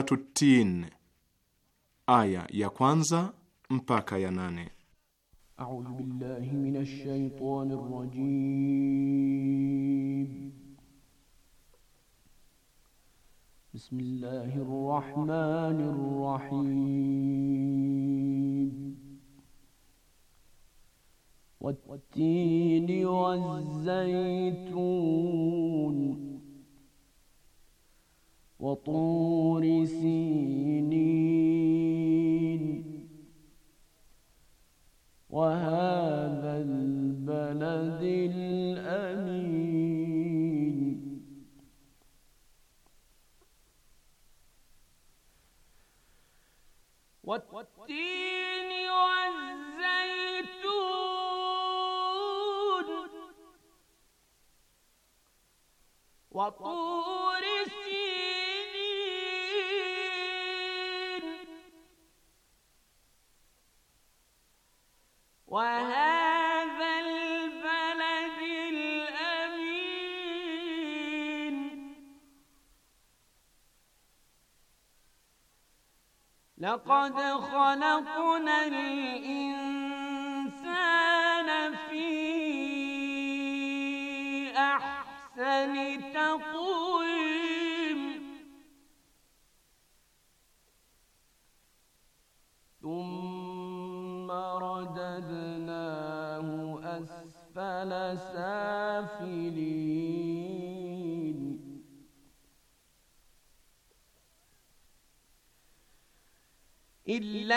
Suratu Tin, aya ya kwanza mpaka ya nane. A'udhu billahi minash shaitani rrajim. Bismillahir rahmanir Laqad khalaqnal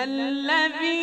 الذي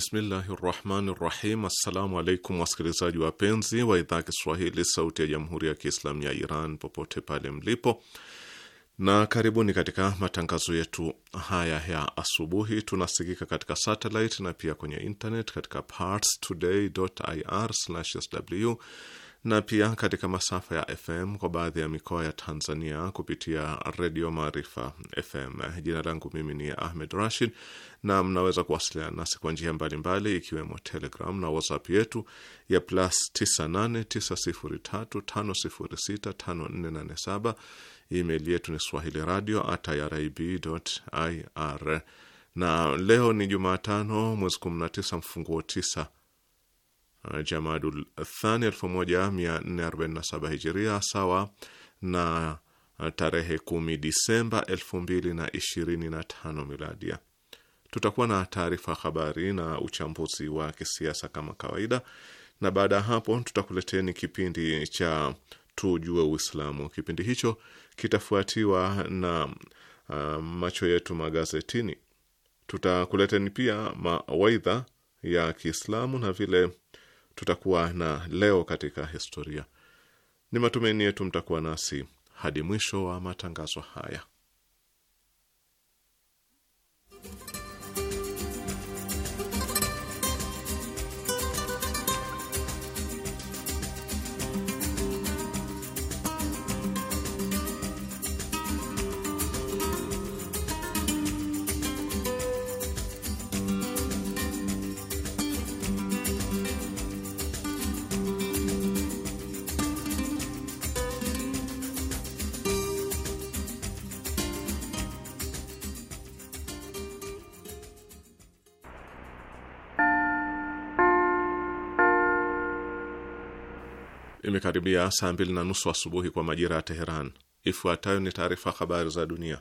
Bismillahi rahmani rahim. Assalamu alaikum wasikilizaji wapenzi wa idhaa ya Kiswahili sauti ya jamhuri ya Kiislamu ya Iran popote pale mlipo, na karibuni katika matangazo yetu haya ya asubuhi. Tunasikika katika satellite na pia kwenye internet katika parstoday.ir/sw na pia katika masafa ya FM kwa baadhi ya mikoa ya Tanzania kupitia Redio Maarifa FM. Jina langu mimi ni Ahmed Rashid, na mnaweza kuwasiliana nasi kwa njia mbalimbali ikiwemo Telegram na WhatsApp yetu ya plus 989035065487. Email yetu ni swahili radio at Na leo ni Jumatano, mwezi 19 mfunguo 9 Uh, Jamadul Thani 1447 Hijiria, sawa na uh, tarehe 10 Disemba 2025 Miladia. Tutakuwa na taarifa habari na uchambuzi wa kisiasa kama kawaida, na baada ya hapo tutakuleteni kipindi cha Tujue Uislamu. Kipindi hicho kitafuatiwa na uh, macho yetu magazetini. Tutakuleteni pia mawaidha ya Kiislamu na vile tutakuwa na leo katika historia. Ni matumaini yetu mtakuwa nasi hadi mwisho wa matangazo haya. Imekaribia saa mbili na nusu asubuhi kwa majira ya Teheran. Ifuatayo ni taarifa habari za dunia.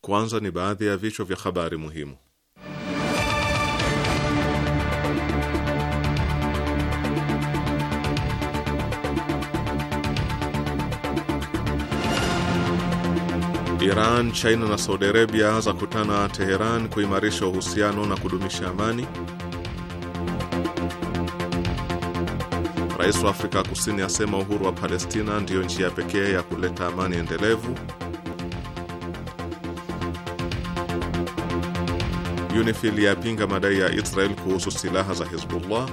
Kwanza ni baadhi ya vichwa vya habari muhimu. Iran, China na Saudi Arabia za kutana Teheran kuimarisha uhusiano na kudumisha amani. Rais wa Afrika Kusini asema uhuru wa Palestina ndiyo njia pekee ya kuleta amani endelevu. UNIFIL yapinga madai ya Israel kuhusu silaha za hezbullah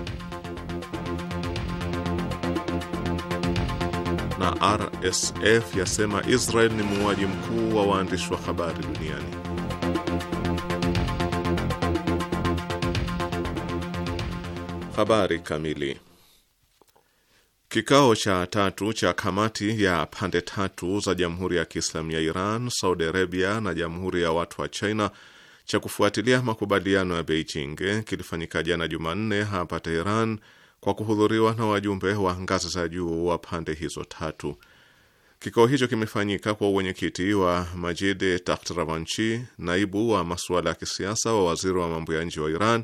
RSF yasema Israel ni muuaji mkuu wa waandishi wa habari duniani. Habari kamili. Kikao cha tatu cha kamati ya pande tatu za Jamhuri ya Kiislamu ya Iran, Saudi Arabia na Jamhuri ya Watu wa China cha kufuatilia makubaliano ya Beijing kilifanyika jana Jumanne hapa Teheran kwa kuhudhuriwa na wajumbe wa ngazi za juu wa pande hizo tatu. Kikao hicho kimefanyika kwa uwenyekiti wa Majid Takhtravanchi, naibu wa masuala ya kisiasa wa waziri wa mambo ya nje wa Iran,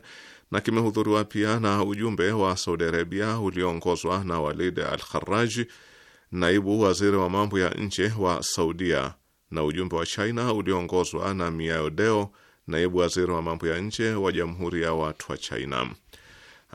na kimehudhuriwa pia na ujumbe wa Saudi Arabia ulioongozwa na Walid Al Kharaji, naibu waziri wa mambo ya nje wa Saudia, na ujumbe wa China ulioongozwa na Miao Deo, naibu waziri wa mambo ya nje wa Jamhuri ya Watu wa China.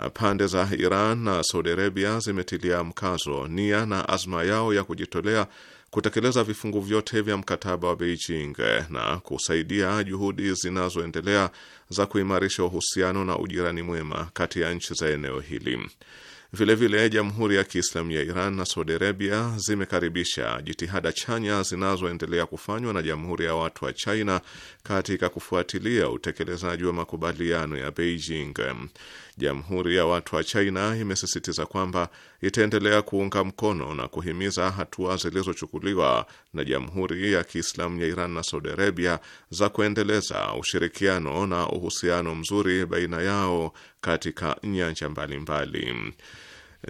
Eh, pande za Iran na Saudi Arabia zimetilia mkazo nia na azma yao ya kujitolea kutekeleza vifungu vyote vya mkataba wa Beijing eh, na kusaidia juhudi zinazoendelea za kuimarisha uhusiano na ujirani mwema kati ya nchi za eneo hili. Vilevile, Jamhuri ya Kiislamu ya Iran na Saudi Arabia zimekaribisha jitihada chanya zinazoendelea kufanywa na Jamhuri ya Watu wa China katika kufuatilia utekelezaji wa makubaliano ya Beijing. Jamhuri ya Watu wa China imesisitiza kwamba itaendelea kuunga mkono na kuhimiza hatua zilizochukuliwa na Jamhuri ya Kiislamu ya Iran na Saudi Arabia za kuendeleza ushirikiano na uhusiano mzuri baina yao katika nyanja mbalimbali mbali.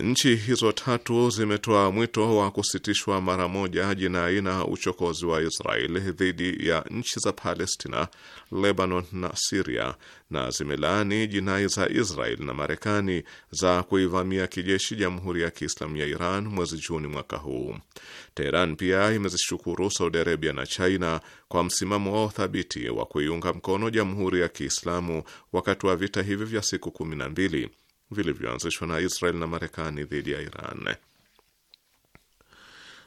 Nchi hizo tatu zimetoa mwito wa kusitishwa mara moja jinai na uchokozi wa Israeli dhidi ya nchi za Palestina, Lebanon na Siria, na zimelaani jinai za Israeli na Marekani za kuivamia kijeshi Jamhuri ya Kiislamu ya Iran mwezi Juni mwaka huu. Teheran pia imezishukuru Saudi Arabia na China kwa msimamo wao thabiti wa kuiunga mkono Jamhuri ya Kiislamu wakati wa vita hivi vya siku kumi na mbili vilivyoanzishwa na Israel na Marekani dhidi ya Iran.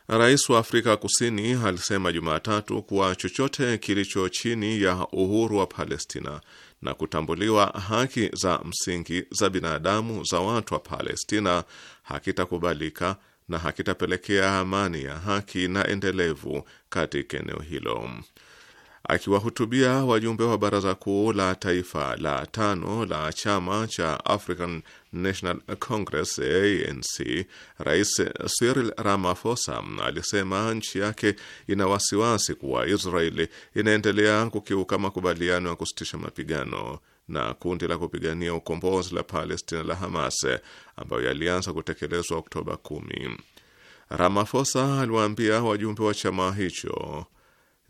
Rais wa Afrika Kusini alisema Jumatatu kuwa chochote kilicho chini ya uhuru wa Palestina na kutambuliwa haki za msingi za binadamu za watu wa Palestina hakitakubalika na hakitapelekea amani ya haki na endelevu katika eneo hilo. Akiwahutubia wajumbe wa baraza kuu la taifa la tano la chama cha African National Congress ANC, Rais Cyril Ramaphosa alisema nchi yake ina wasiwasi kuwa Israeli inaendelea kukiuka makubaliano ya kusitisha mapigano na kundi la kupigania ukombozi la Palestina la Hamas ambayo yalianza kutekelezwa Oktoba 10. Ramaphosa aliwaambia wajumbe wa chama hicho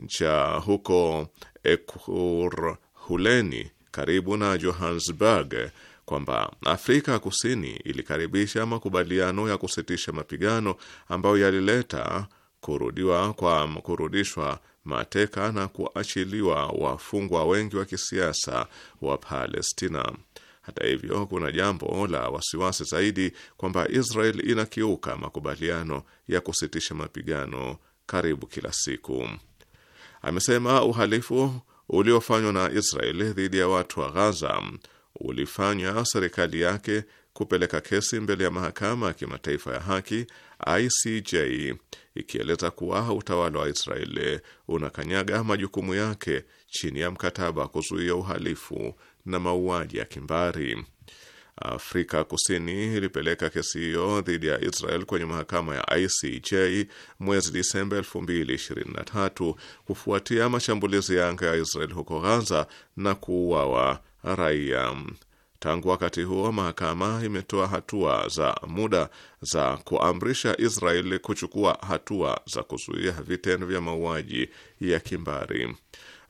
cha huko Ekurhuleni karibu na Johannesburg kwamba Afrika Kusini ilikaribisha makubaliano ya kusitisha mapigano ambayo yalileta kurudiwa kwa kurudishwa mateka na kuachiliwa wafungwa wengi wa kisiasa wa Palestina. Hata hivyo, kuna jambo la wasiwasi zaidi kwamba Israel inakiuka makubaliano ya kusitisha mapigano karibu kila siku amesema uhalifu uliofanywa na Israeli dhidi ya watu wa Ghaza ulifanya serikali yake kupeleka kesi mbele ya mahakama ya kimataifa ya haki ICJ ikieleza kuwa utawala wa Israeli unakanyaga majukumu yake chini ya mkataba wa kuzuia uhalifu na mauaji ya kimbari. Afrika Kusini ilipeleka kesi hiyo dhidi ya Israel kwenye mahakama ya ICJ mwezi Disemba 2023 kufuatia mashambulizi ya anga ya Israel huko Gaza na kuuawa raia. Tangu wakati huo mahakama imetoa hatua za muda za kuamrisha Israeli kuchukua hatua za kuzuia vitendo vya mauaji ya kimbari.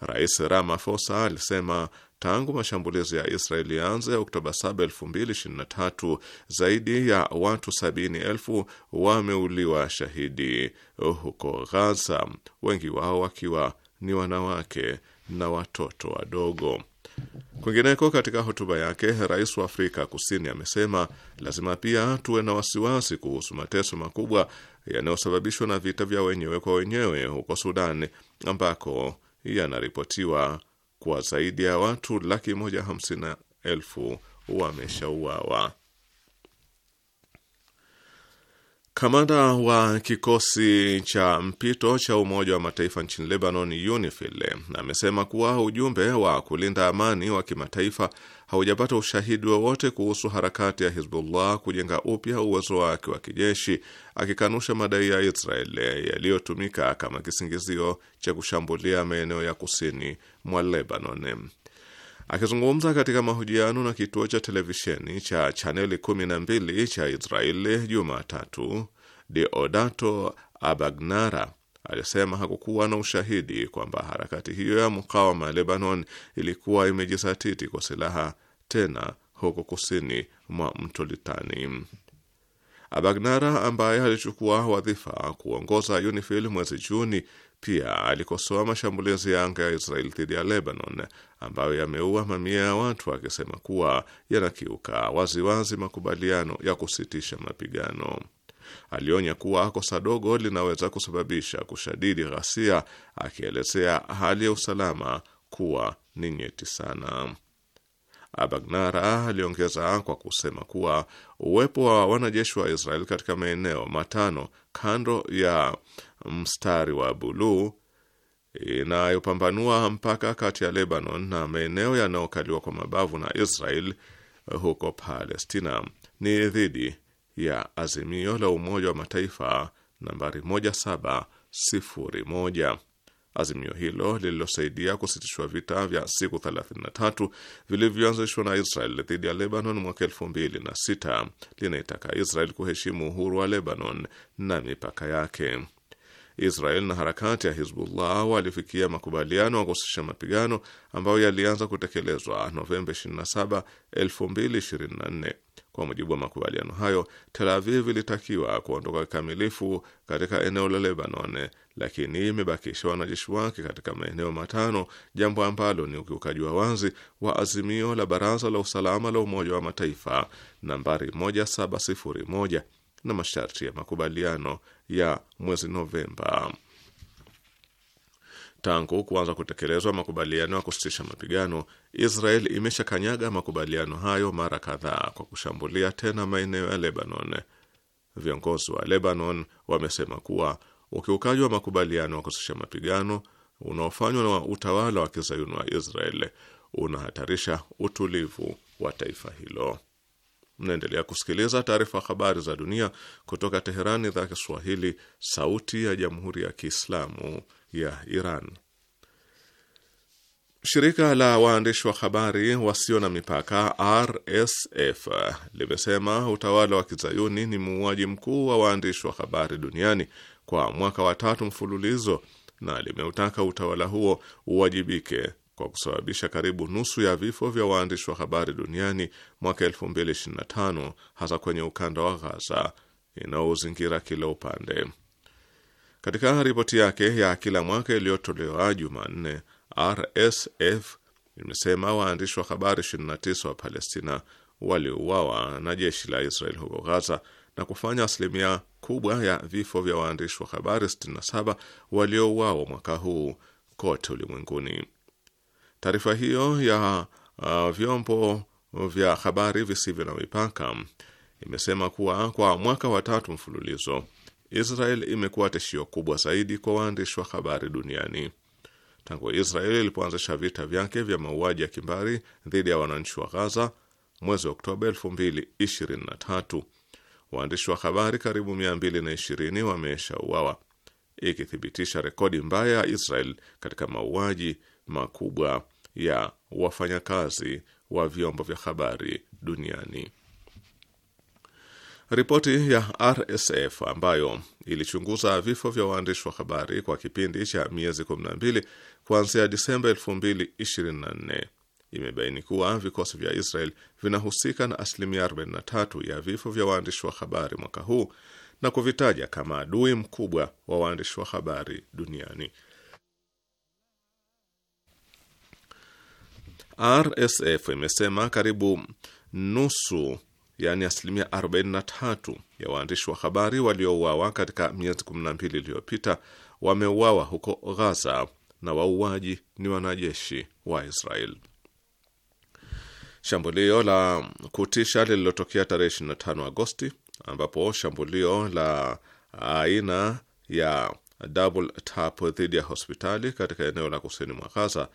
Rais Ramaphosa alisema tangu mashambulizi ya Israeli yaanze Oktoba 7, 2023 zaidi ya watu 70,000 wameuliwa shahidi huko Gaza, wengi wao wakiwa ni wanawake na watoto wadogo. Kwingineko, katika hotuba yake, rais wa Afrika Kusini amesema lazima pia tuwe na wasiwasi kuhusu mateso makubwa yanayosababishwa na vita vya wenyewe kwa wenyewe huko Sudan ambako yanaripotiwa kwa zaidi ya watu laki moja hamsini elfu wameshauawa Kamanda wa kikosi cha mpito cha Umoja wa Mataifa nchini Lebanon, UNIFIL, amesema kuwa ujumbe wa kulinda amani wa kimataifa haujapata ushahidi wowote kuhusu harakati ya Hizbullah kujenga upya uwezo wake wa kijeshi, akikanusha madai ya Israel yaliyotumika kama kisingizio cha kushambulia maeneo ya kusini mwa Lebanon. Akizungumza katika mahojiano na kituo cha televisheni cha chaneli 12 cha Israeli Jumatatu, Deodato Abagnara alisema hakukuwa na ushahidi kwamba harakati hiyo ya mukawama ya Lebanon ilikuwa imejisatiti kwa silaha tena huko kusini mwa mto Litani. Abagnara ambaye alichukua wadhifa kuongoza UNIFIL mwezi Juni pia alikosoa mashambulizi ya anga ya Israel dhidi ya Lebanon ambayo yameua mamia ya watu, akisema kuwa yanakiuka waziwazi makubaliano ya kusitisha mapigano. Alionya kuwa kosa dogo linaweza kusababisha kushadidi ghasia, akielezea hali ya usalama kuwa ni nyeti sana. Abagnara aliongeza kwa kusema kuwa uwepo wa wanajeshi wa Israel katika maeneo matano kando ya mstari wa buluu inayopambanua mpaka kati ya Lebanon na maeneo yanayokaliwa kwa mabavu na Israel eh, huko Palestina ni dhidi ya azimio la Umoja wa Mataifa nambari 1701. Azimio hilo lililosaidia kusitishwa vita vya siku 33 vilivyoanzishwa na Israel dhidi ya Lebanon mwaka 2006 linaitaka Israel kuheshimu uhuru wa Lebanon na mipaka yake. Israel na harakati ya Hizbullah walifikia makubaliano ya kusitisha mapigano ambayo yalianza kutekelezwa Novemba 27, 2024. Kwa mujibu wa makubaliano hayo, Tel Aviv ilitakiwa kuondoka kikamilifu katika eneo la Lebanon, lakini imebakisha wanajeshi wake katika maeneo matano, jambo ambalo ni ukiukaji wa wazi wa azimio la Baraza la Usalama la Umoja wa Mataifa nambari 1701 na masharti ya makubaliano ya mwezi Novemba. Tangu kuanza kutekelezwa makubaliano ya kusitisha mapigano, Israel imeshakanyaga makubaliano hayo mara kadhaa kwa kushambulia tena maeneo ya Lebanon. Viongozi wa Lebanon wamesema kuwa ukiukaji wa makubaliano ya kusitisha mapigano unaofanywa na utawala wa kizayuni wa Israel unahatarisha utulivu wa taifa hilo. Mnaendelea kusikiliza taarifa habari za dunia kutoka Teherani, idhaa Kiswahili, sauti ya jamhuri ya kiislamu ya Iran. Shirika la waandishi wa habari wasio na mipaka RSF limesema utawala wa kizayuni ni muuaji mkuu wa waandishi wa habari duniani kwa mwaka wa tatu mfululizo, na limeutaka utawala huo uwajibike kwa kusababisha karibu nusu ya vifo vya waandishi wa habari duniani mwaka 2025 hasa kwenye ukanda wa Ghaza inaozingira kila upande. Katika ripoti yake ya kila mwaka iliyotolewa Jumanne, RSF imesema waandishi wa habari 29 wa Palestina waliuawa na jeshi la Israel huko Ghaza na kufanya asilimia kubwa ya vifo vya waandishi wa habari 67 waliouawa mwaka huu kote ulimwenguni. Taarifa hiyo ya uh, vyombo vya habari visivyo na mipaka imesema kuwa kwa mwaka wa tatu mfululizo Israel imekuwa tishio kubwa zaidi kwa waandishi wa habari duniani. Tangu Israel ilipoanzisha vita vyake vya mauaji ya kimbari dhidi ya wananchi wa Gaza mwezi wa Oktoba 2023 waandishi wa habari karibu 220 wameshauawa, ikithibitisha rekodi mbaya ya Israel katika mauaji makubwa ya wafanyakazi wa vyombo vya habari duniani. Ripoti ya RSF ambayo ilichunguza vifo vya waandishi wa habari kwa kipindi cha miezi 12 kuanzia Disemba 2024 imebaini kuwa vikosi vya Israel vinahusika na asilimia 43 ya vifo vya waandishi wa habari mwaka huu na kuvitaja kama adui mkubwa wa waandishi wa habari duniani. RSF imesema karibu nusu yaani asilimia 43 ya waandishi wa habari waliouawa katika miezi 12 iliyopita wameuawa huko Gaza na wauaji ni wanajeshi wa Israel. Shambulio la kutisha lililotokea tarehe 25 Agosti, ambapo shambulio la aina ya double tap dhidi ya hospitali katika eneo la kusini mwa Gaza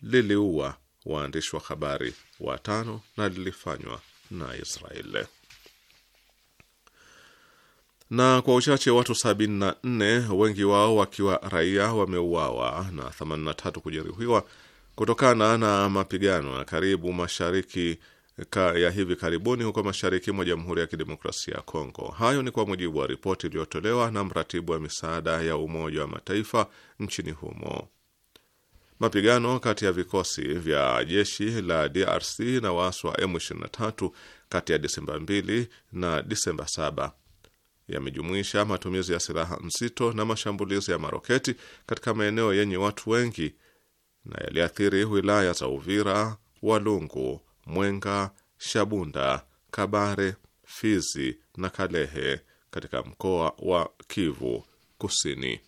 liliua waandishi wa habari watano na lilifanywa na Israeli. Na kwa uchache watu 74 wengi wao wakiwa raia wameuawa na 83 kujeruhiwa kutokana na mapigano ya karibu mashariki ka ya hivi karibuni huko mashariki mwa Jamhuri ya Kidemokrasia ya Kongo. Hayo ni kwa mujibu wa ripoti iliyotolewa na mratibu wa misaada ya Umoja wa Mataifa nchini humo. Mapigano kati ya vikosi vya jeshi la DRC na waasi wa M23 kati ya Disemba 2 na Disemba 7 yamejumuisha matumizi ya silaha nzito na mashambulizi ya maroketi katika maeneo yenye watu wengi na yaliathiri wilaya za Uvira, Walungu, Mwenga, Shabunda, Kabare, Fizi na Kalehe katika mkoa wa Kivu Kusini.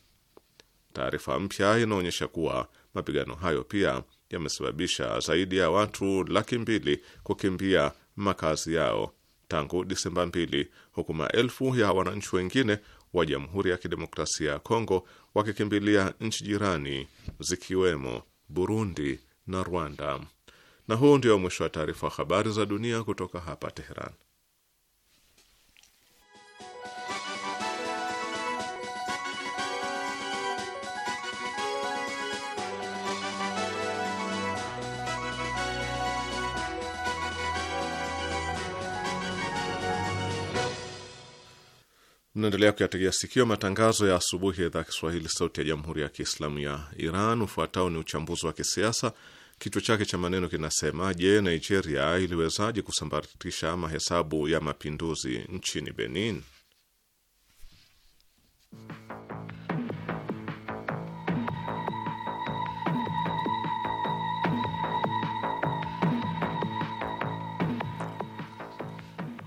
Taarifa mpya inaonyesha kuwa Mapigano hayo pia yamesababisha zaidi ya watu laki mbili kukimbia makazi yao tangu Disemba mbili, huku maelfu ya wananchi wengine wa Jamhuri ya Kidemokrasia ya Kongo wakikimbilia nchi jirani zikiwemo Burundi na Rwanda. Na huu ndio mwisho wa taarifa habari za dunia kutoka hapa Teheran. Mnaendelea kuyategea sikio matangazo ya asubuhi ya idhaa Kiswahili sauti ya jamhuri ya kiislamu ya Iran. Ufuatao ni uchambuzi wa kisiasa, kichwa chake cha maneno kinasema: Je, Nigeria iliwezaje kusambaratisha mahesabu ya mapinduzi nchini Benin?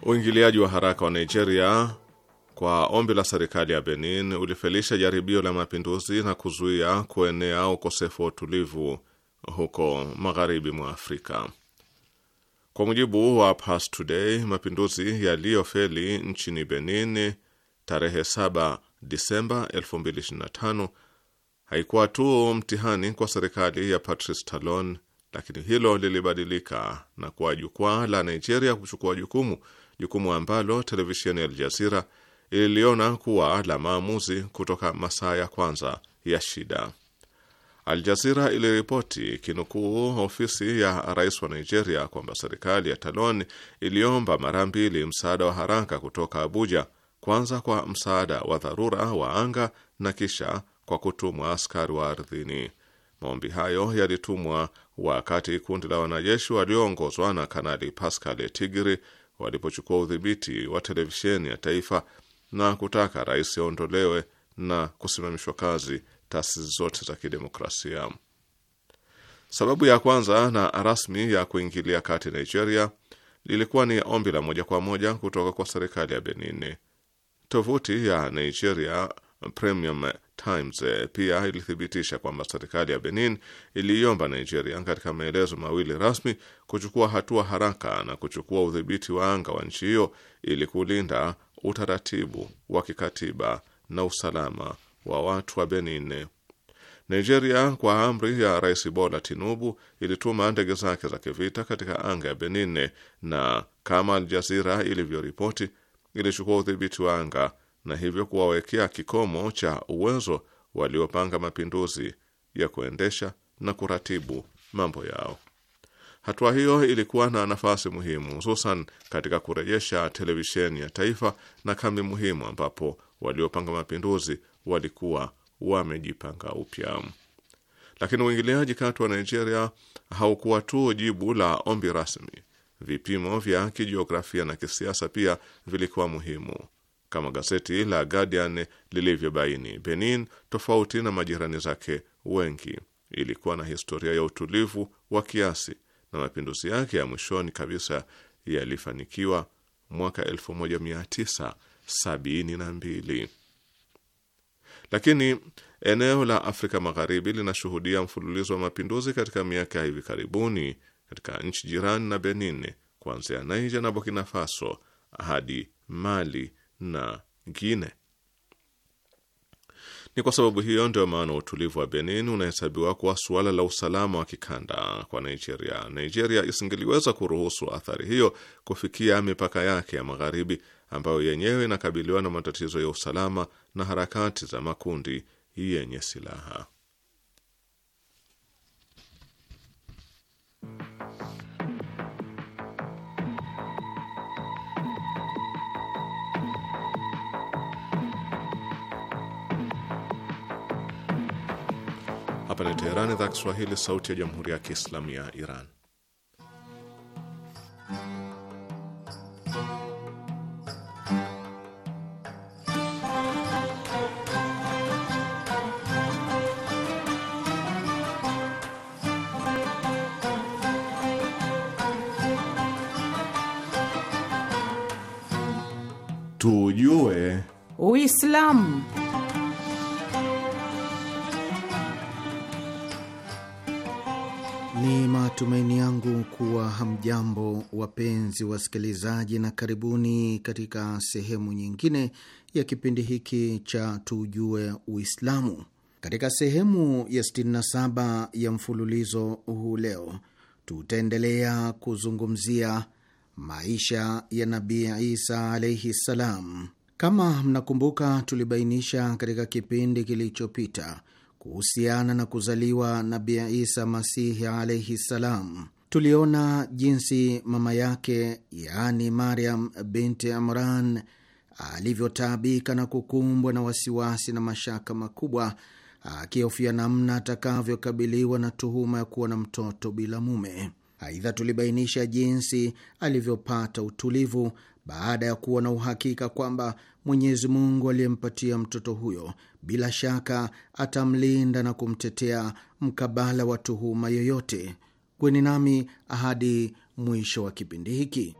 Uingiliaji wa haraka wa Nigeria kwa ombi la serikali ya Benin ulifelisha jaribio la mapinduzi na kuzuia kuenea ukosefu wa utulivu huko magharibi mwa Afrika. Kwa mujibu wa pass Today, mapinduzi yaliyofeli nchini Benin tarehe 7 Disemba 2025 haikuwa tu mtihani kwa serikali ya Patrice Talon, lakini hilo lilibadilika na kuwa jukwaa la Nigeria kuchukua jukumu, jukumu ambalo televisheni ya Aljazira iliona kuwa la maamuzi kutoka masaa ya kwanza ya shida. aljazira iliripoti kinukuu ofisi ya rais wa Nigeria kwamba serikali ya Talon iliomba mara mbili msaada wa haraka kutoka Abuja, kwanza kwa msaada wa dharura wa anga na kisha kwa kutumwa askari wa ardhini. Maombi hayo yalitumwa wakati kundi la wanajeshi walioongozwa na Kanali Pascal Tigri walipochukua udhibiti wa televisheni ya taifa na kutaka rais aondolewe na kusimamishwa kazi taasisi zote za kidemokrasia. Sababu ya kwanza na rasmi ya kuingilia kati Nigeria lilikuwa ni ombi la moja kwa moja kutoka kwa serikali ya Benin. Tovuti ya Nigeria Premium Times eh, pia ilithibitisha kwamba serikali ya Benin iliiomba Nigeria katika maelezo mawili rasmi kuchukua hatua haraka na kuchukua udhibiti wa anga wa nchi hiyo ili kulinda utaratibu wa kikatiba na usalama wa watu wa Benin. Nigeria kwa amri ya Rais Bola Tinubu ilituma ndege zake za kivita katika anga ya Benin na kama Aljazira ilivyoripoti ilichukua udhibiti wa anga na hivyo kuwawekea kikomo cha uwezo waliopanga mapinduzi ya kuendesha na kuratibu mambo yao. Hatua hiyo ilikuwa na nafasi muhimu, hususan katika kurejesha televisheni ya taifa na kambi muhimu ambapo waliopanga mapinduzi walikuwa wamejipanga upya. Lakini uingiliaji kati wa Nigeria haukuwa tu jibu la ombi rasmi. Vipimo vya kijiografia na kisiasa pia vilikuwa muhimu, kama gazeti la Guardian lilivyobaini. Benin, tofauti na majirani zake wengi, ilikuwa na historia ya utulivu wa kiasi na mapinduzi yake ya mwishoni kabisa yalifanikiwa mwaka 1972 lakini eneo la Afrika Magharibi linashuhudia mfululizo wa mapinduzi katika miaka ya hivi karibuni katika nchi jirani na Benin, kuanzia Niger na Burkina Faso hadi Mali na Guinea. Ni kwa sababu hiyo ndio maana utulivu wa Benin unahesabiwa kuwa suala la usalama wa kikanda kwa Nigeria. Nigeria isingeliweza kuruhusu athari hiyo kufikia mipaka yake ya magharibi, ambayo yenyewe inakabiliwa na matatizo ya usalama na harakati za makundi yenye silaha. pale Teherani, za Kiswahili, sauti ya jamhuri ya kiislamu ya Iran. Tujue Uislamu. Matumaini yangu kuwa hamjambo wapenzi wasikilizaji, na karibuni katika sehemu nyingine ya kipindi hiki cha Tujue Uislamu. Katika sehemu ya 67 ya mfululizo huu leo tutaendelea kuzungumzia maisha ya Nabii Isa alaihi ssalam. Kama mnakumbuka, tulibainisha katika kipindi kilichopita kuhusiana na kuzaliwa nabi Isa Masihi alaihi ssalam, tuliona jinsi mama yake yaani Mariam binti Imran alivyotaabika na kukumbwa na wasiwasi na mashaka makubwa, akihofia namna atakavyokabiliwa na tuhuma ya kuwa na mtoto bila mume. Aidha, tulibainisha jinsi alivyopata utulivu baada ya kuwa na uhakika kwamba Mwenyezi Mungu aliyempatia mtoto huyo bila shaka atamlinda na kumtetea mkabala wa tuhuma yoyote. Kweni nami ahadi mwisho wa kipindi hiki.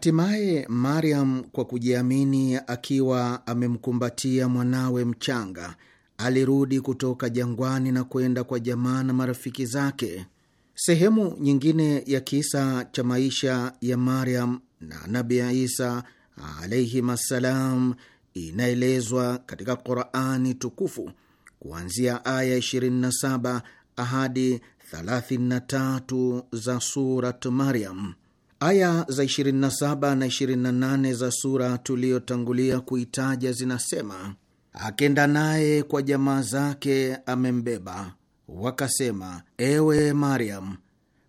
Hatimaye Mariam kwa kujiamini, akiwa amemkumbatia mwanawe mchanga, alirudi kutoka jangwani na kwenda kwa jamaa na marafiki zake. Sehemu nyingine ya kisa cha maisha ya Mariam na Nabi Isa alaihim assalam inaelezwa katika Qurani tukufu kuanzia aya 27 hadi 33 za Surat Mariam. Aya za 27 na 28 za sura tuliyotangulia kuitaja zinasema, akenda naye kwa jamaa zake amembeba, wakasema, ewe Mariam,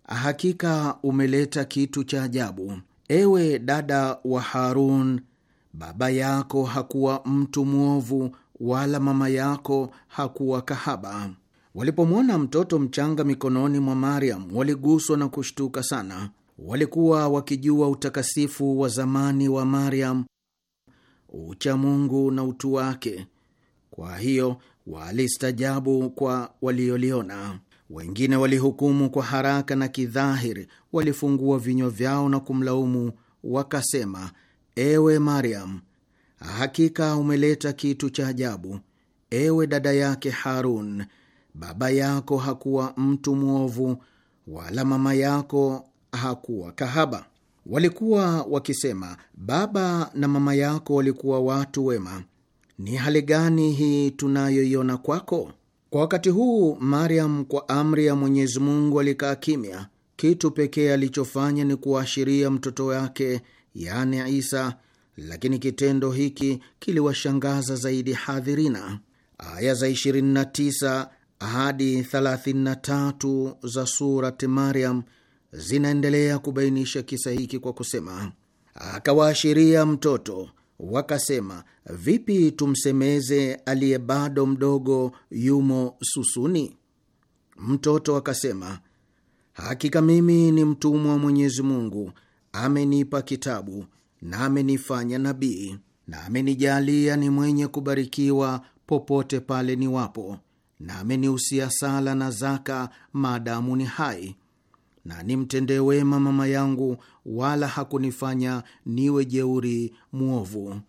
hakika umeleta kitu cha ajabu. Ewe dada wa Harun, baba yako hakuwa mtu mwovu, wala mama yako hakuwa kahaba. Walipomwona mtoto mchanga mikononi mwa Mariam waliguswa na kushtuka sana walikuwa wakijua utakasifu wa zamani wa Mariam, mungu na utu wake. Kwa hiyo walistajabu kwa walioliona. Wengine walihukumu kwa haraka na kidhahiri, walifungua vinywa vyao na kumlaumu wakasema, ewe Mariam, hakika umeleta kitu cha ajabu. Ewe dada yake Harun, baba yako hakuwa mtu mwovu wala mama yako hakuwa kahaba. Walikuwa wakisema, baba na mama yako walikuwa watu wema, ni hali gani hii tunayoiona kwako? Kwa wakati huu, Mariam kwa amri ya Mwenyezi Mungu alikaa kimya. Kitu pekee alichofanya ni kuwaashiria mtoto wake, yani Isa, lakini kitendo hiki kiliwashangaza zaidi hadhirina. Aya za 29 hadi 33 za surati Mariam zinaendelea kubainisha kisa hiki kwa kusema, akawaashiria mtoto, wakasema, vipi tumsemeze aliye bado mdogo yumo susuni? Mtoto akasema, hakika mimi ni mtumwa wa Mwenyezi Mungu, amenipa kitabu na amenifanya nabii na amenijalia ni mwenye kubarikiwa popote pale niwapo, na amenihusia sala na zaka maadamu ni hai na nimtendee wema mama yangu, wala hakunifanya niwe jeuri mwovu,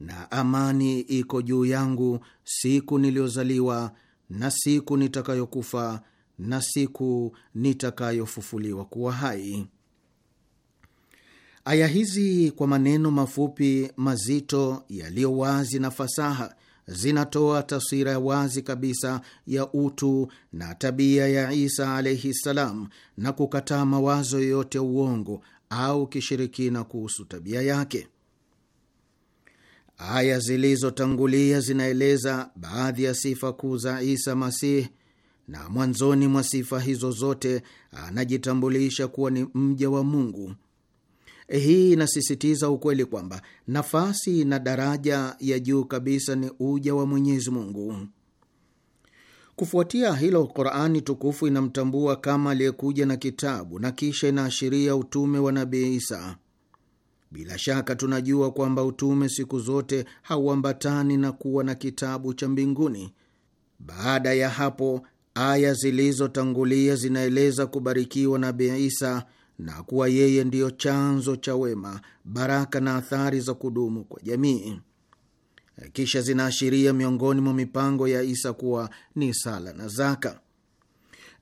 na amani iko juu yangu siku niliyozaliwa na siku nitakayokufa na siku nitakayofufuliwa kuwa hai. Aya hizi kwa maneno mafupi mazito yaliyo wazi na fasaha zinatoa taswira ya wazi kabisa ya utu na tabia ya Isa alaihi ssalam, na kukataa mawazo yoyote ya uongo au kishirikina kuhusu tabia yake. Aya zilizotangulia zinaeleza baadhi ya sifa kuu za Isa Masih, na mwanzoni mwa sifa hizo zote anajitambulisha kuwa ni mja wa Mungu. Eh, hii inasisitiza ukweli kwamba nafasi na daraja ya juu kabisa ni uja wa Mwenyezi Mungu. Kufuatia hilo, Qurani tukufu inamtambua kama aliyekuja na kitabu na kisha inaashiria utume wa Nabii Isa. Bila shaka tunajua kwamba utume siku zote hauambatani na kuwa na kitabu cha mbinguni. Baada ya hapo, aya zilizotangulia zinaeleza kubarikiwa Nabii Isa na kuwa yeye ndiyo chanzo cha wema, baraka na athari za kudumu kwa jamii. Kisha zinaashiria miongoni mwa mipango ya Isa kuwa ni sala na zaka.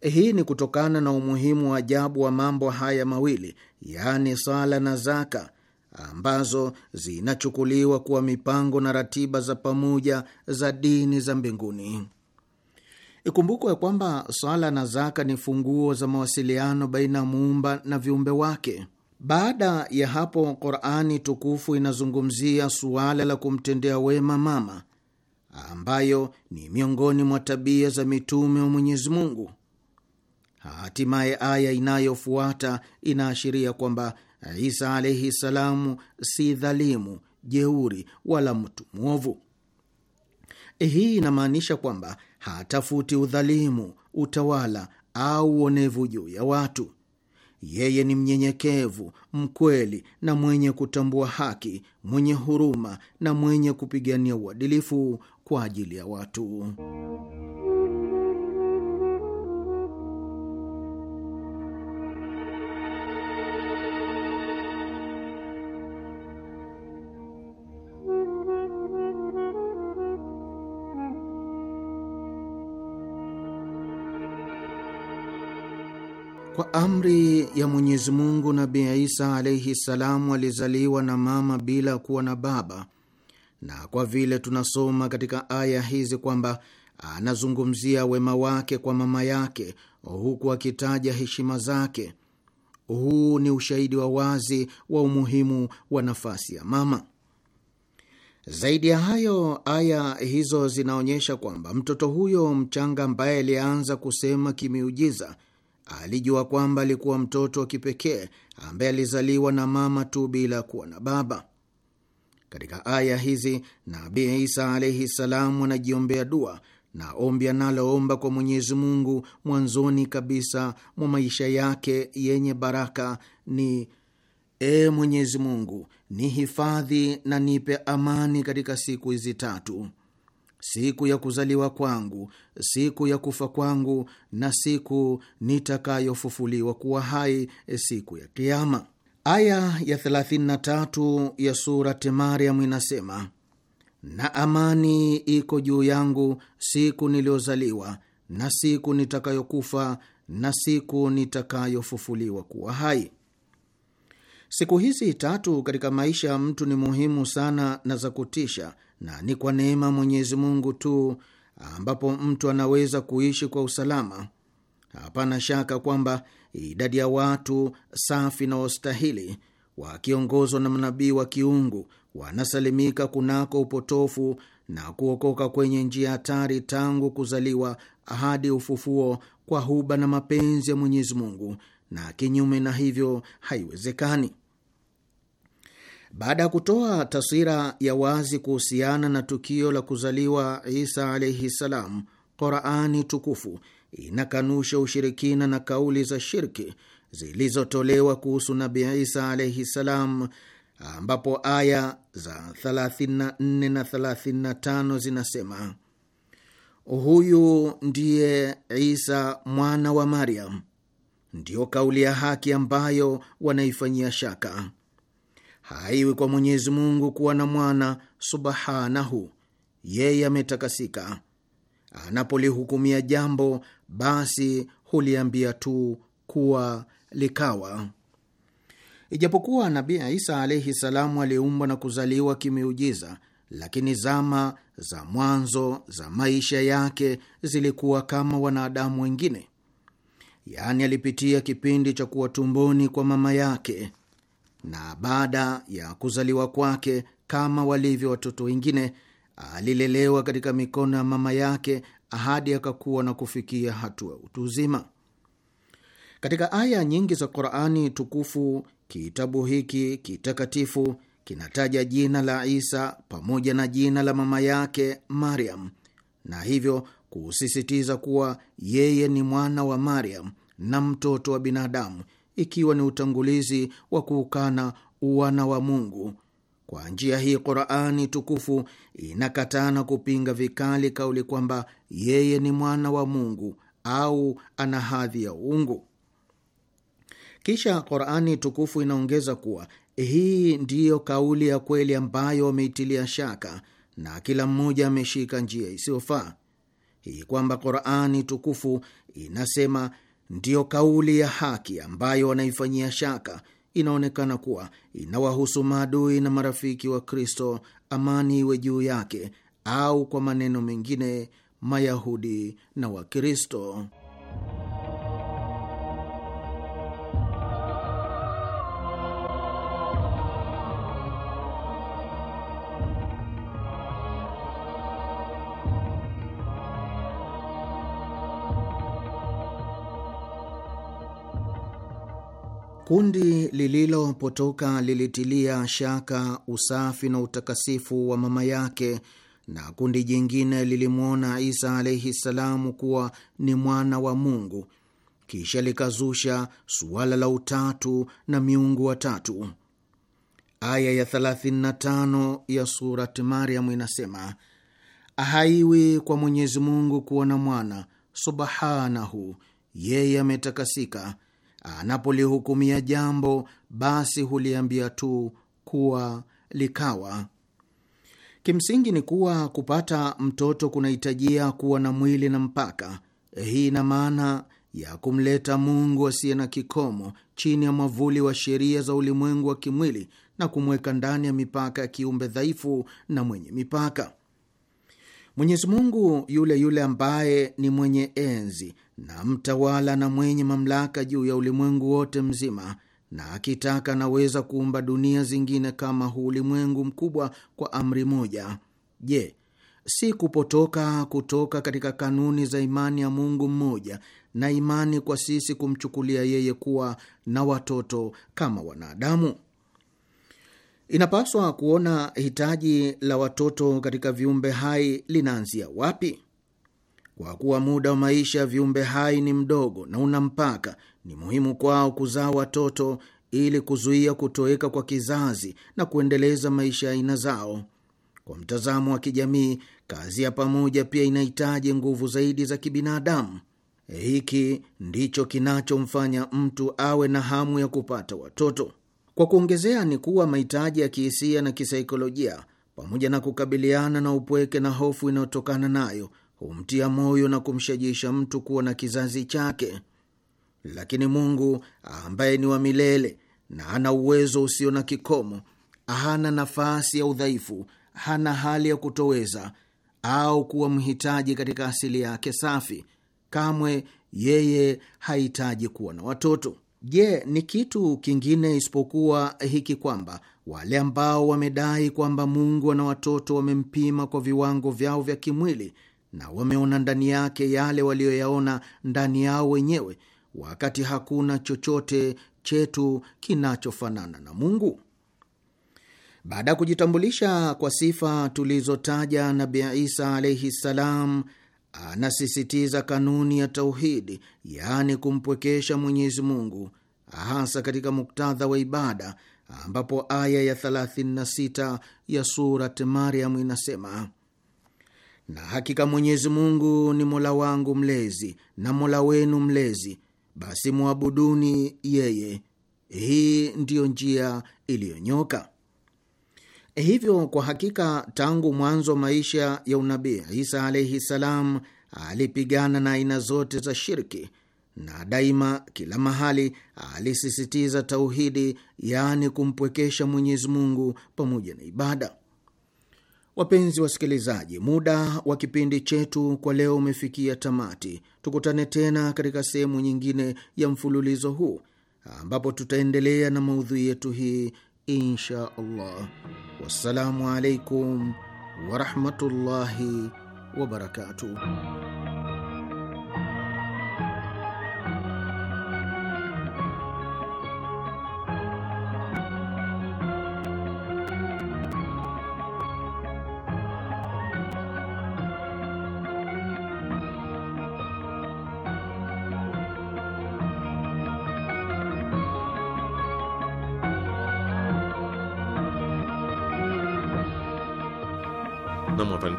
Hii ni kutokana na umuhimu wa ajabu wa mambo haya mawili, yaani sala na zaka, ambazo zinachukuliwa kuwa mipango na ratiba za pamoja za dini za mbinguni. Ikumbukwe ya kwamba swala na zaka ni funguo za mawasiliano baina ya muumba na viumbe wake. Baada ya hapo, Qurani tukufu inazungumzia suala la kumtendea wema mama, ambayo ni miongoni mwa tabia za mitume wa Mwenyezi Mungu. Hatimaye aya inayofuata inaashiria kwamba Isa alaihi salamu si dhalimu, jeuri wala mtu mwovu. Hii inamaanisha kwamba hatafuti udhalimu, utawala au uonevu juu ya watu. Yeye ni mnyenyekevu, mkweli na mwenye kutambua haki, mwenye huruma na mwenye kupigania uadilifu kwa ajili ya watu. Amri ya Mwenyezi Mungu, Isa alaihi salamu alizaliwa na mama bila kuwa na baba, na kwa vile tunasoma katika aya hizi kwamba anazungumzia wema wake kwa mama yake huku akitaja heshima zake, huu ni ushahidi wa wazi wa umuhimu wa nafasi ya mama. Zaidi ya hayo, aya hizo zinaonyesha kwamba mtoto huyo mchanga ambaye alianza kusema kimiujiza alijua kwamba alikuwa mtoto wa kipekee ambaye alizaliwa na mama tu bila kuwa na baba. Katika aya hizi nabi Isa alaihi salam anajiombea dua na ombi analoomba kwa Mwenyezi Mungu mwanzoni kabisa mwa maisha yake yenye baraka ni E Mwenyezi Mungu, hifadhi na nipe amani katika siku hizi tatu siku ya kuzaliwa kwangu, siku ya kufa kwangu, na siku nitakayofufuliwa kuwa hai, e, siku ya Kiama. Aya ya 33 ya surati Mariam inasema, na amani iko juu yangu siku niliyozaliwa na siku nitakayokufa na siku nitakayofufuliwa kuwa hai. Siku hizi tatu katika maisha ya mtu ni muhimu sana na za kutisha na ni kwa neema Mwenyezi Mungu tu ambapo mtu anaweza kuishi kwa usalama. Hapana shaka kwamba idadi ya watu safi na wastahili wakiongozwa na manabii wa kiungu wanasalimika kunako upotofu na kuokoka kwenye njia hatari tangu kuzaliwa hadi ufufuo kwa huba na mapenzi ya Mwenyezi Mungu, na kinyume na hivyo haiwezekani. Baada ya kutoa taswira ya wazi kuhusiana na tukio la kuzaliwa Isa alaihi salam, Qurani tukufu inakanusha ushirikina na kauli za shirki zilizotolewa kuhusu Nabi Isa alaihi salam, ambapo aya za 34 na 35 zinasema huyu ndiye Isa mwana wa Maryam. Ndiyo kauli ya haki ambayo wanaifanyia shaka haiwi kwa Mwenyezi Mungu kuwa na mwana subhanahu, yeye ametakasika. Anapolihukumia jambo, basi huliambia tu kuwa likawa. Ijapokuwa Nabii Isa alaihi salamu aliumbwa na kuzaliwa kimeujiza lakini zama za mwanzo za maisha yake zilikuwa kama wanadamu wengine, yaani alipitia kipindi cha kuwa tumboni kwa mama yake na baada ya kuzaliwa kwake, kama walivyo watoto wengine, alilelewa katika mikono ya mama yake ahadi akakuwa na kufikia hatua utu uzima. Katika aya nyingi za Qurani tukufu, kitabu hiki kitakatifu kinataja jina la Isa pamoja na jina la mama yake Mariam, na hivyo kusisitiza kuwa yeye ni mwana wa Mariam na mtoto wa binadamu ikiwa ni utangulizi wa kuukana uwana wa Mungu. Kwa njia hii Qurani tukufu inakatana kupinga vikali kauli kwamba yeye ni mwana wa Mungu au ana hadhi ya uungu. Kisha Qurani tukufu inaongeza kuwa hii ndiyo kauli ya kweli ambayo wameitilia shaka na kila mmoja ameshika njia isiyofaa hii, kwamba Qurani tukufu inasema Ndiyo kauli ya haki ambayo wanaifanyia shaka. Inaonekana kuwa inawahusu maadui na marafiki wa Kristo, amani iwe juu yake, au kwa maneno mengine Mayahudi na Wakristo. Kundi lililopotoka lilitilia shaka usafi na utakasifu wa mama yake, na kundi jingine lilimwona Isa alaihi salamu kuwa ni mwana wa Mungu, kisha likazusha suala la utatu na miungu watatu. Aya ya 35 ya Surat Mariamu inasema haiwi kwa Mwenyezi Mungu kuwa na mwana, subhanahu, yeye ametakasika Anapolihukumia jambo, basi huliambia tu kuwa likawa. Kimsingi ni kuwa kupata mtoto kunahitajia kuwa na mwili na mpaka. Hii ina maana ya kumleta Mungu asiye na kikomo chini ya mwavuli wa sheria za ulimwengu wa kimwili na kumweka ndani ya mipaka ya kiumbe dhaifu na mwenye mipaka. Mwenyezi Mungu yule yule ambaye ni mwenye enzi na mtawala na mwenye mamlaka juu ya ulimwengu wote mzima, na akitaka anaweza kuumba dunia zingine kama huu ulimwengu mkubwa kwa amri moja. Je, si kupotoka kutoka katika kanuni za imani ya Mungu mmoja na imani kwa sisi kumchukulia yeye kuwa na watoto kama wanadamu? Inapaswa kuona hitaji la watoto katika viumbe hai linaanzia wapi. Kwa kuwa muda wa maisha ya viumbe hai ni mdogo na una mpaka, ni muhimu kwao kuzaa watoto ili kuzuia kutoweka kwa kizazi na kuendeleza maisha ya aina zao. Kwa mtazamo wa kijamii, kazi ya pamoja pia inahitaji nguvu zaidi za kibinadamu. Hiki ndicho kinachomfanya mtu awe na hamu ya kupata watoto. Kwa kuongezea, ni kuwa mahitaji ya kihisia na kisaikolojia, pamoja na kukabiliana na upweke na hofu inayotokana nayo, humtia moyo na kumshajiisha mtu kuwa na kizazi chake. Lakini Mungu ambaye ni wa milele na ana uwezo usio na kikomo, hana nafasi ya udhaifu, hana hali ya kutoweza au kuwa mhitaji katika asili yake safi. Kamwe yeye hahitaji kuwa na watoto. Je, ni kitu kingine isipokuwa hiki kwamba wale ambao wamedai kwamba Mungu ana watoto wamempima kwa viwango vyao vya kimwili na wameona ndani yake yale waliyoyaona ndani yao wenyewe, wakati hakuna chochote chetu kinachofanana na Mungu. Baada ya kujitambulisha kwa sifa tulizotaja, Nabii Isa alaihi ssalam anasisitiza kanuni ya tauhidi, yaani kumpwekesha Mwenyezi Mungu, hasa katika muktadha wa ibada, ambapo aya ya 36 ya Surat Mariam inasema na hakika Mwenyezi Mungu ni mola wangu mlezi na mola wenu mlezi, basi mwabuduni yeye. Hii ndiyo njia iliyonyoka. Hivyo kwa hakika tangu mwanzo maisha ya unabii Isa alaihi salam alipigana na aina zote za shirki na daima kila mahali alisisitiza tauhidi, yaani kumpwekesha Mwenyezi Mungu pamoja na ibada. Wapenzi wasikilizaji, muda wa kipindi chetu kwa leo umefikia tamati. Tukutane tena katika sehemu nyingine ya mfululizo huu ambapo tutaendelea na maudhui yetu hii insha Allah. Wassalamu alaikum warahmatullahi wabarakatuh.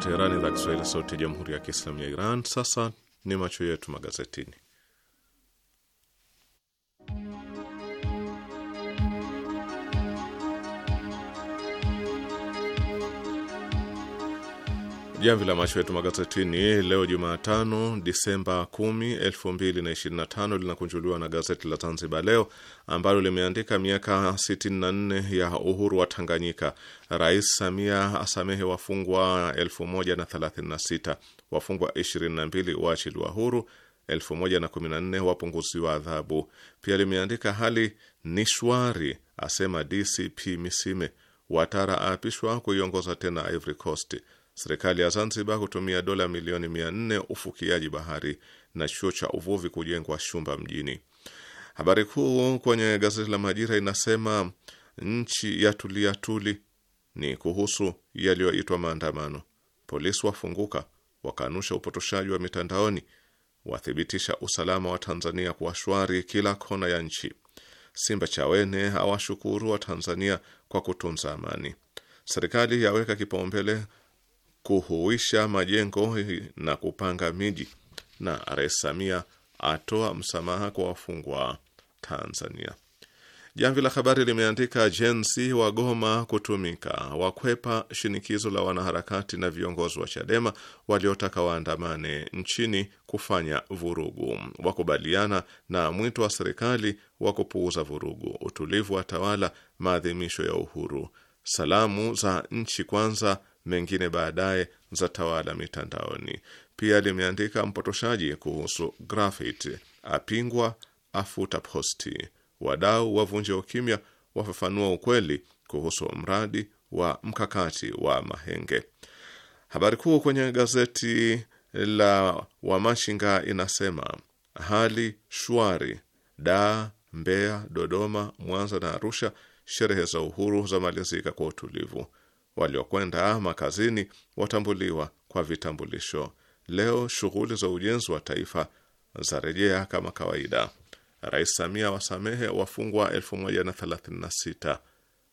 Teherani, idhaa Kiswahili, sauti ya jamhuri ya kiislamu ya Iran. Sasa ni macho yetu magazetini. Jamvi la macho yetu magazetini leo Jumatano, Disemba 10, 2025 linakunjuliwa na gazeti la Zanzibar Leo ambalo limeandika miaka 64 ya uhuru wa Tanganyika. Rais Samia asamehe wafungwa 1136, wafungwa 22 waachiliwa huru, 1014 wapunguziwa adhabu. Pia limeandika hali ni shwari, asema DCP Misime. Watara aapishwa kuiongoza tena Ivory Coast serikali ya Zanzibar hutumia dola milioni mia nne ufukiaji bahari na chuo cha uvuvi kujengwa Shumba mjini. Habari kuu kwenye gazeti la Majira inasema nchi ya tulia tuli, ni kuhusu yaliyoitwa maandamano. Polisi wafunguka, wakanusha upotoshaji wa mitandaoni, wathibitisha usalama wa Tanzania kuwa shwari kila kona ya nchi. Simba Chawene awashukuru wa Tanzania kwa kutunza amani. Serikali yaweka kipaumbele kuhuisha majengo na kupanga miji, na Rais Samia atoa msamaha kwa wafungwa Tanzania. Jamvi la Habari limeandika jensi wagoma kutumika, wakwepa shinikizo la wanaharakati na viongozi wa Chadema waliotaka waandamane nchini kufanya vurugu, wakubaliana na mwito wa serikali wa kupuuza vurugu, utulivu wa tawala maadhimisho ya uhuru, salamu za nchi kwanza mengine baadaye za tawala mitandaoni. Pia limeandika mpotoshaji kuhusu Grafiti apingwa, afuta posti. Wadau wavunja ukimya, wafafanua ukweli kuhusu mradi wa mkakati wa Mahenge. Habari kuu kwenye gazeti la Wamachinga inasema hali shwari Daa, Mbeya, Dodoma, Mwanza na Arusha, sherehe za uhuru za malizika kwa utulivu. Waliokwenda makazini watambuliwa kwa vitambulisho. Leo shughuli za ujenzi wa taifa zarejea kama kawaida. Rais Samia wasamehe wafungwa 136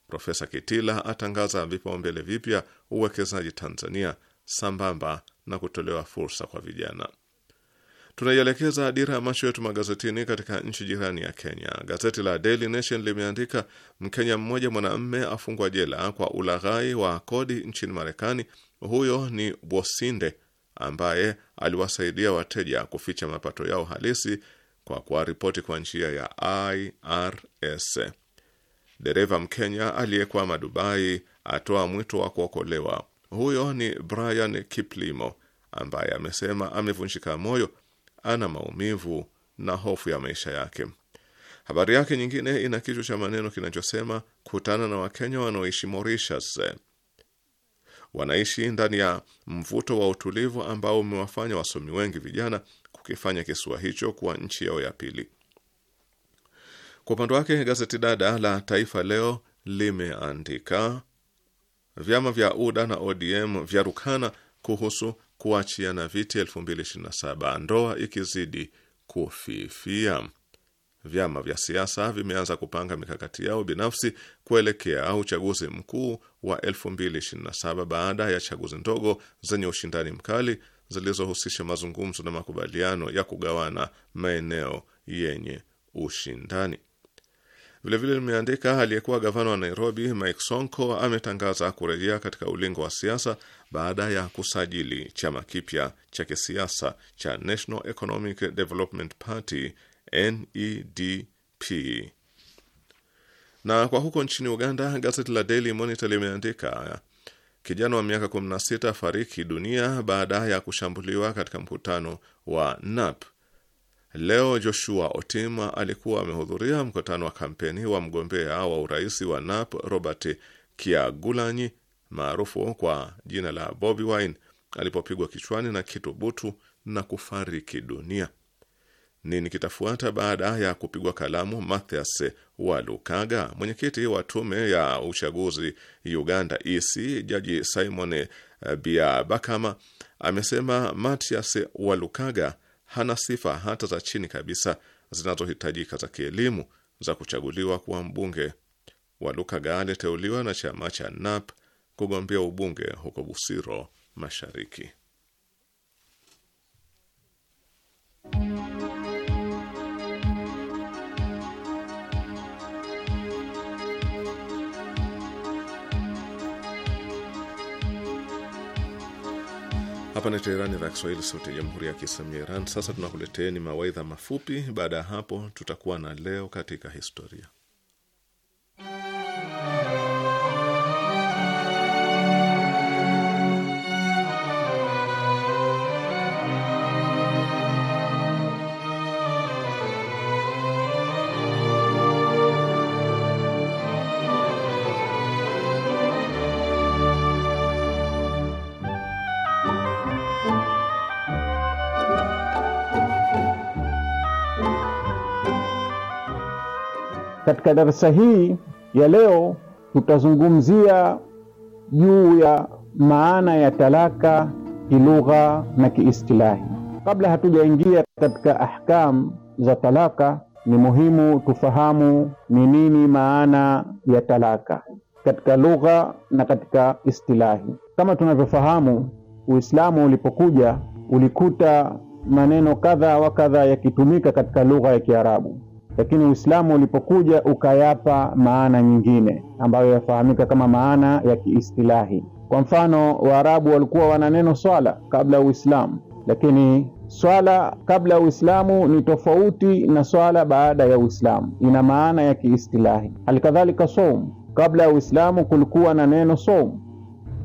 Profesa Kitila atangaza vipaumbele vipya uwekezaji Tanzania, sambamba na kutolewa fursa kwa vijana. Tunaielekeza dira ya macho yetu magazetini katika nchi jirani ya Kenya. Gazeti la Daily Nation limeandika Mkenya mmoja mwanamme afungwa jela kwa ulaghai wa kodi nchini Marekani. Huyo ni Bosinde ambaye aliwasaidia wateja kuficha mapato yao halisi kwa kuwaripoti kwa njia ya IRS. Dereva Mkenya aliyekwama Dubai atoa mwito wa kuokolewa. Huyo ni Brian Kiplimo ambaye amesema amevunjika moyo ana maumivu na hofu ya maisha yake. Habari yake nyingine ina kichwa cha maneno kinachosema kutana na Wakenya wanaoishi Mauritius. Wanaishi ndani ya mvuto wa utulivu ambao umewafanya wasomi wengi vijana kukifanya kisiwa hicho kuwa nchi yao ya pili. Kwa upande wake, gazeti dada la Taifa Leo limeandika vyama vya UDA na ODM vyarukana kuhusu kuachiana viti 2027 ndoa ikizidi kufifia. Vyama vya siasa vimeanza kupanga mikakati yao binafsi kuelekea uchaguzi mkuu wa 2027 baada ya chaguzi ndogo zenye ushindani mkali zilizohusisha mazungumzo na makubaliano ya kugawana maeneo yenye ushindani. Vilevile limeandika aliyekuwa gavana wa Nairobi Mike Sonko ametangaza kurejea katika ulingo wa siasa baada ya kusajili chama kipya cha kisiasa cha National Economic Development Party NEDP. Na kwa huko nchini Uganda, gazeti la Daily Monitor limeandika kijana wa miaka 16 fariki dunia baada ya kushambuliwa katika mkutano wa NAP Leo Joshua Otima alikuwa amehudhuria mkutano wa kampeni wa mgombea wa urais wa NAP Robert Kiagulanyi maarufu kwa jina la Bobi Wine alipopigwa kichwani na kitu butu na kufariki dunia. Nini kitafuata baada ya kupigwa kalamu Mathias Walukaga? Mwenyekiti wa tume ya uchaguzi Uganda EC Jaji Simon Biabakama amesema Mathias Walukaga hana sifa hata za chini kabisa zinazohitajika za kielimu za kuchaguliwa kuwa mbunge. Walukaga aliteuliwa na chama cha NAP kugombea ubunge huko Busiro Mashariki. Hapa ni Teherani, idhaa Kiswahili, sauti ya jamhuri ya kiislamu ya Iran. Sasa tunakuleteeni mawaidha mafupi. Baada ya hapo, tutakuwa na leo katika historia. Katika darasa hii ya leo tutazungumzia juu ya maana ya talaka kilugha na kiistilahi. Kabla hatujaingia katika ahkam za talaka, ni muhimu tufahamu ni nini maana ya talaka katika lugha na katika istilahi. Kama tunavyofahamu, Uislamu ulipokuja ulikuta maneno kadha wa kadha yakitumika katika lugha ya Kiarabu lakini Uislamu ulipokuja ukayapa maana nyingine ambayo yafahamika kama maana ya kiistilahi. Kwa mfano, Waarabu walikuwa wana neno swala kabla ya Uislamu, lakini swala kabla ya Uislamu ni tofauti na swala baada ya Uislamu, ina maana ya kiistilahi. Halikadhalika somu, kabla ya Uislamu kulikuwa na neno somu,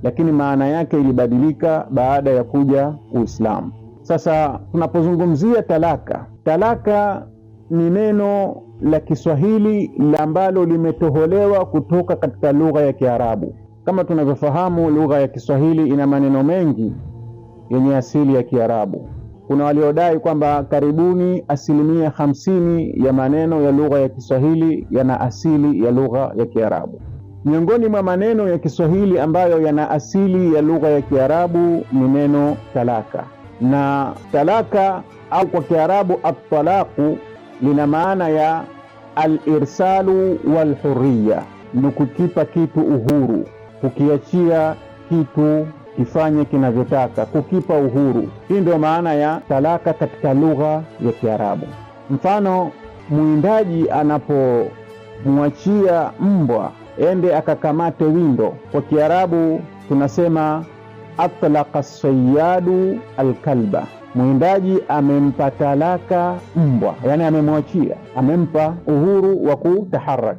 lakini maana yake ilibadilika baada ya kuja Uislamu. Sasa tunapozungumzia talaka, talaka ni neno la Kiswahili ambalo limetoholewa kutoka katika lugha ya Kiarabu. Kama tunavyofahamu, lugha ya Kiswahili ina maneno mengi yenye asili ya Kiarabu. Kuna waliodai kwamba karibuni asilimia hamsini ya maneno ya lugha ya Kiswahili yana asili ya lugha ya Kiarabu. Miongoni mwa maneno ya Kiswahili ambayo yana asili ya lugha ya Kiarabu ni neno talaka, na talaka au kwa Kiarabu at lina maana ya alirsalu walhuriya ni kukipa kitu uhuru, kukiachia kitu kifanye kinavyotaka, kukipa uhuru. Hii ndio maana ya talaka katika lugha ya Kiarabu. Mfano, mwindaji anapomwachia mbwa ende akakamate windo, kwa Kiarabu tunasema atlaka sayadu alkalba mwindaji amempa talaka mbwa, yani amemwachia, amempa uhuru wa kutaharak.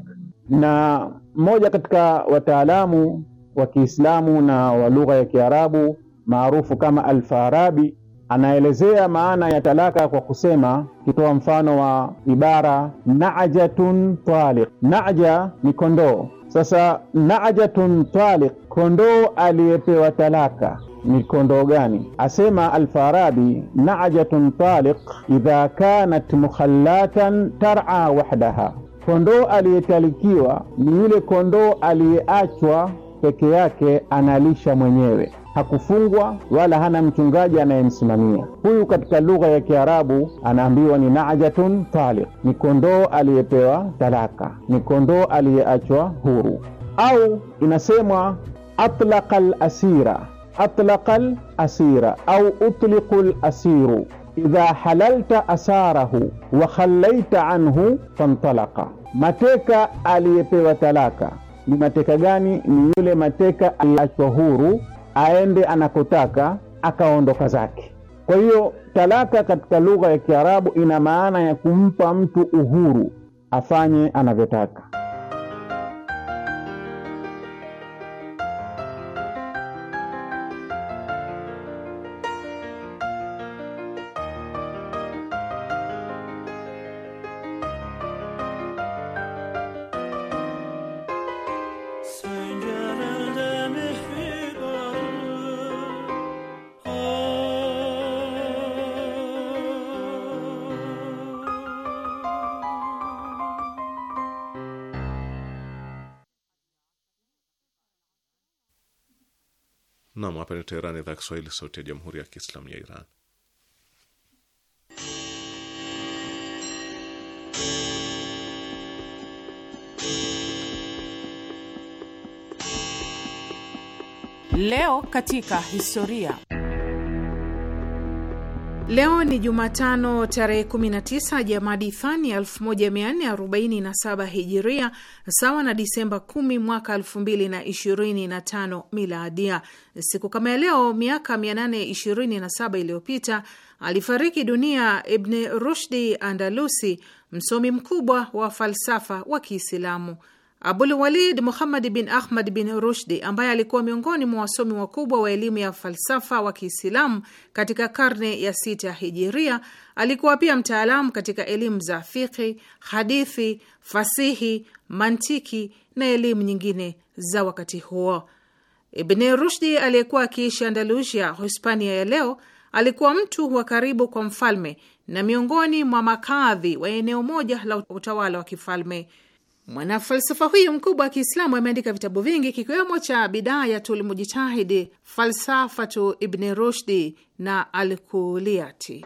Na mmoja katika wataalamu wa Kiislamu na wa lugha ya Kiarabu maarufu kama Alfarabi anaelezea maana ya talaka kwa kusema, kitoa mfano wa ibara najatun taliq. Naja ni kondoo. Sasa najatun taliq, kondoo aliyepewa talaka ni kondoo gani? Asema Alfarabi, najatun taliq idha kanat mukhallatan tar'a wahdaha, kondoo aliyetalikiwa ni yule kondoo aliyeachwa peke yake, analisha mwenyewe hakufungwa wala hana mchungaji anayemsimamia. Huyu katika lugha ya Kiarabu anaambiwa ni najatun taliq, ni kondoo aliyepewa talaka, ni kondoo aliyeachwa huru. Au inasemwa atlaqa al asira atlaqa lasira au utliqu lasiru idha halalta asarahu wa khallaita anhu fantalaqa, mateka aliyepewa talaka ni mateka gani? Ni yule mateka aliyeachwa huru aende anakotaka akaondoka zake. Kwa hiyo talaka katika lugha ya Kiarabu ina maana ya kumpa mtu uhuru afanye anavyotaka. Nam, hapa ni Teherani, idhaa Kiswahili, sauti ya jamhuri ya kiislamu ya Iran. Leo katika historia. Leo ni Jumatano tarehe 19 Jamadi Thani 1447 Hijiria, sawa na Disemba 10 mwaka 2025 Miladia. Siku kama ya leo miaka 827 iliyopita alifariki dunia Ibn Rushdi Andalusi, msomi mkubwa wa falsafa wa Kiislamu. Abul Walid Muhammad bin Ahmad bin Rushdi, ambaye alikuwa miongoni mwa wasomi wakubwa wa elimu ya falsafa wa Kiislamu katika karne ya sita hijiria, alikuwa pia mtaalamu katika elimu za fiqhi, hadithi, fasihi, mantiki na elimu nyingine za wakati huo. Ibn Rushdi aliyekuwa akiishi Andalusia, Hispania ya leo, alikuwa mtu wa karibu kwa mfalme na miongoni mwa makadhi wa eneo moja la utawala wa kifalme. Mwanafalsafa huyu mkubwa wa Kiislamu ameandika vitabu vingi kikiwemo cha Bidayatul Mujtahidi, Falsafatu Ibni Rushdi na Alkuliati.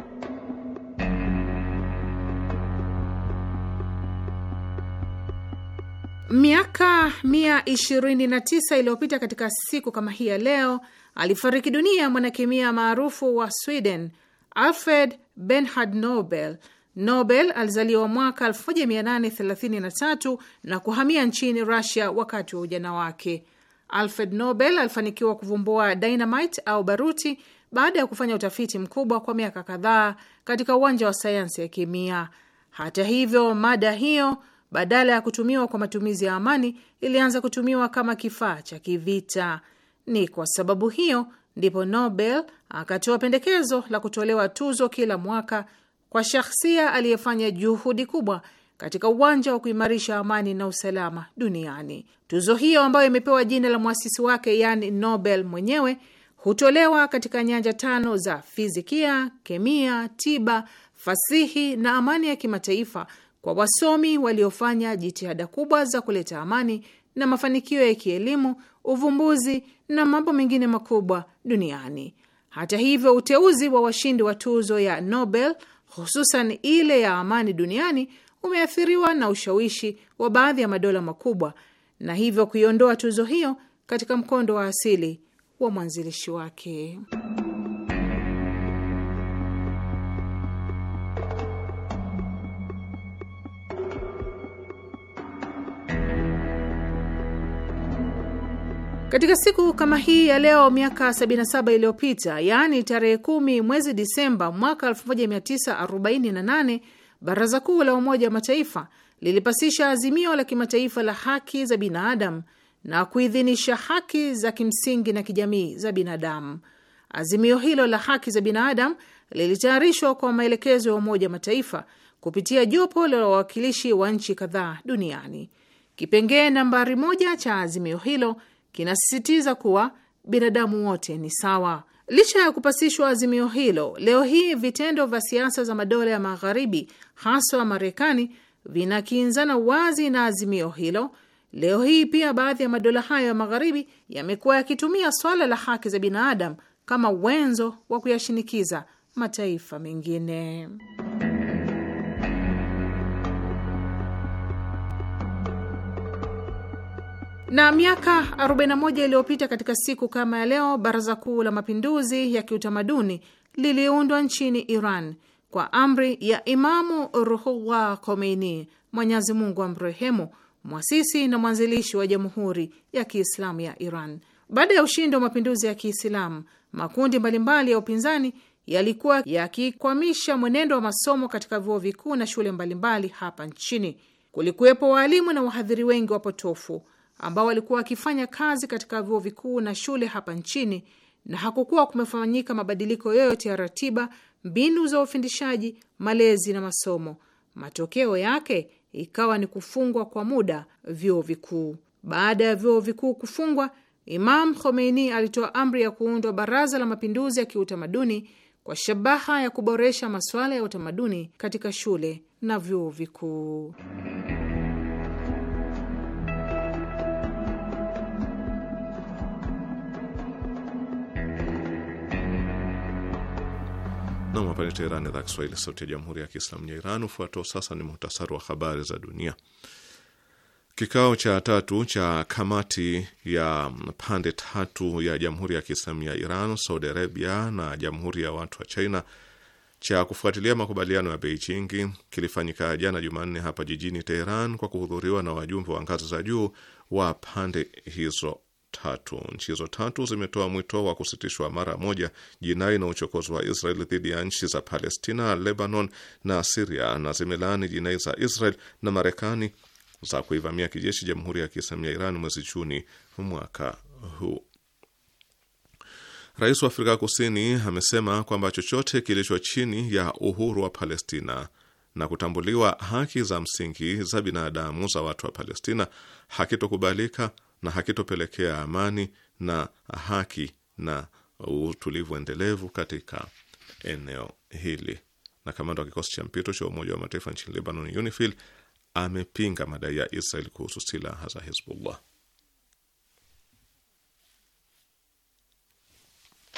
Miaka 129 iliyopita katika siku kama hii ya leo alifariki dunia mwanakemia maarufu wa Sweden Alfred Bernhard Nobel Nobel alizaliwa mwaka 1833 na kuhamia nchini Russia wakati wa ujana wake. Alfred Nobel alifanikiwa kuvumbua dynamite au baruti baada ya kufanya utafiti mkubwa kwa miaka kadhaa katika uwanja wa sayansi ya kemia. Hata hivyo, mada hiyo badala ya kutumiwa kwa matumizi ya amani ilianza kutumiwa kama kifaa cha kivita. Ni kwa sababu hiyo ndipo Nobel akatoa pendekezo la kutolewa tuzo kila mwaka kwa shahsia aliyefanya juhudi kubwa katika uwanja wa kuimarisha amani na usalama duniani. Tuzo hiyo ambayo imepewa jina la mwasisi wake, yani Nobel mwenyewe, hutolewa katika nyanja tano za fizikia, kemia, tiba, fasihi na amani ya kimataifa kwa wasomi waliofanya jitihada kubwa za kuleta amani na mafanikio ya kielimu, uvumbuzi na mambo mengine makubwa duniani. Hata hivyo, uteuzi wa washindi wa tuzo ya Nobel hususan ile ya amani duniani umeathiriwa na ushawishi wa baadhi ya madola makubwa na hivyo kuiondoa tuzo hiyo katika mkondo wa asili wa mwanzilishi wake. Katika siku kama hii ya leo miaka 77 iliyopita, yaani tarehe kumi mwezi Disemba mwaka 1948, Baraza Kuu la Umoja wa Mataifa lilipasisha azimio la kimataifa la haki za binadamu na kuidhinisha haki za kimsingi na kijamii za binadamu. Azimio hilo la haki za binadamu lilitayarishwa kwa maelekezo ya Umoja wa Mataifa kupitia jopo la wawakilishi wa nchi kadhaa duniani. Kipengee nambari moja cha azimio hilo kinasisitiza kuwa binadamu wote ni sawa. Licha ya kupasishwa azimio hilo, leo hii vitendo vya siasa za madola ya Magharibi, haswa Marekani, vinakinzana wazi na azimio hilo. Leo hii pia baadhi ya madola hayo ya Magharibi yamekuwa yakitumia swala la haki za binadamu kama wenzo wa kuyashinikiza mataifa mengine. Na miaka 41 iliyopita katika siku kama ya leo, Baraza Kuu la Mapinduzi ya Kiutamaduni liliundwa nchini Iran kwa amri ya Imamu Ruhullah Khomeini, Mwenyezi Mungu amrehemu, mwasisi na mwanzilishi wa Jamhuri ya Kiislamu ya Iran. Baada ya ushindi wa mapinduzi ya Kiislamu, makundi mbalimbali ya upinzani yalikuwa yakikwamisha mwenendo wa masomo katika vyuo vikuu na shule mbalimbali hapa nchini. Kulikuwepo waalimu na wahadhiri wengi wapotofu ambao walikuwa wakifanya kazi katika vyuo vikuu na shule hapa nchini, na hakukuwa kumefanyika mabadiliko yoyote ya ratiba, mbinu za ufundishaji, malezi na masomo. Matokeo yake ikawa ni kufungwa kwa muda vyuo vikuu. Baada ya vyuo vikuu kufungwa, Imam Khomeini alitoa amri ya kuundwa Baraza la Mapinduzi ya Kiutamaduni kwa shabaha ya kuboresha masuala ya utamaduni katika shule na vyuo vikuu. Nam, hapa ni Teherani, idhaa Kiswahili, sauti ya jamhuri ya kiislamu ya Iran. Ufuatao sasa ni muhtasari wa habari za dunia. Kikao cha tatu cha kamati ya pande tatu ya jamhuri ya kiislamu ya Iran, Saudi Arabia na jamhuri ya watu wa China cha kufuatilia makubaliano ya Beijingi kilifanyika jana Jumanne hapa jijini Teheran kwa kuhudhuriwa na wajumbe wa ngazi za juu wa pande hizo tatu. Nchi hizo tatu zimetoa mwito wa kusitishwa mara moja jinai na uchokozi wa Israel dhidi ya nchi za Palestina, Lebanon na Siria, na zimelaani jinai za Israel na Marekani za kuivamia kijeshi Jamhuri ya Kiislamu ya Iran mwezi Juni mwaka huu. Rais wa Afrika Kusini amesema kwamba chochote kilicho chini ya uhuru wa Palestina na kutambuliwa haki za msingi za binadamu za watu wa Palestina hakitokubalika na hakitopelekea amani na haki na utulivu endelevu katika eneo hili. Na kamanda wa kikosi cha mpito cha Umoja wa Mataifa nchini Lebanon, UNIFIL, amepinga madai ya Israel kuhusu silaha za Hezbollah.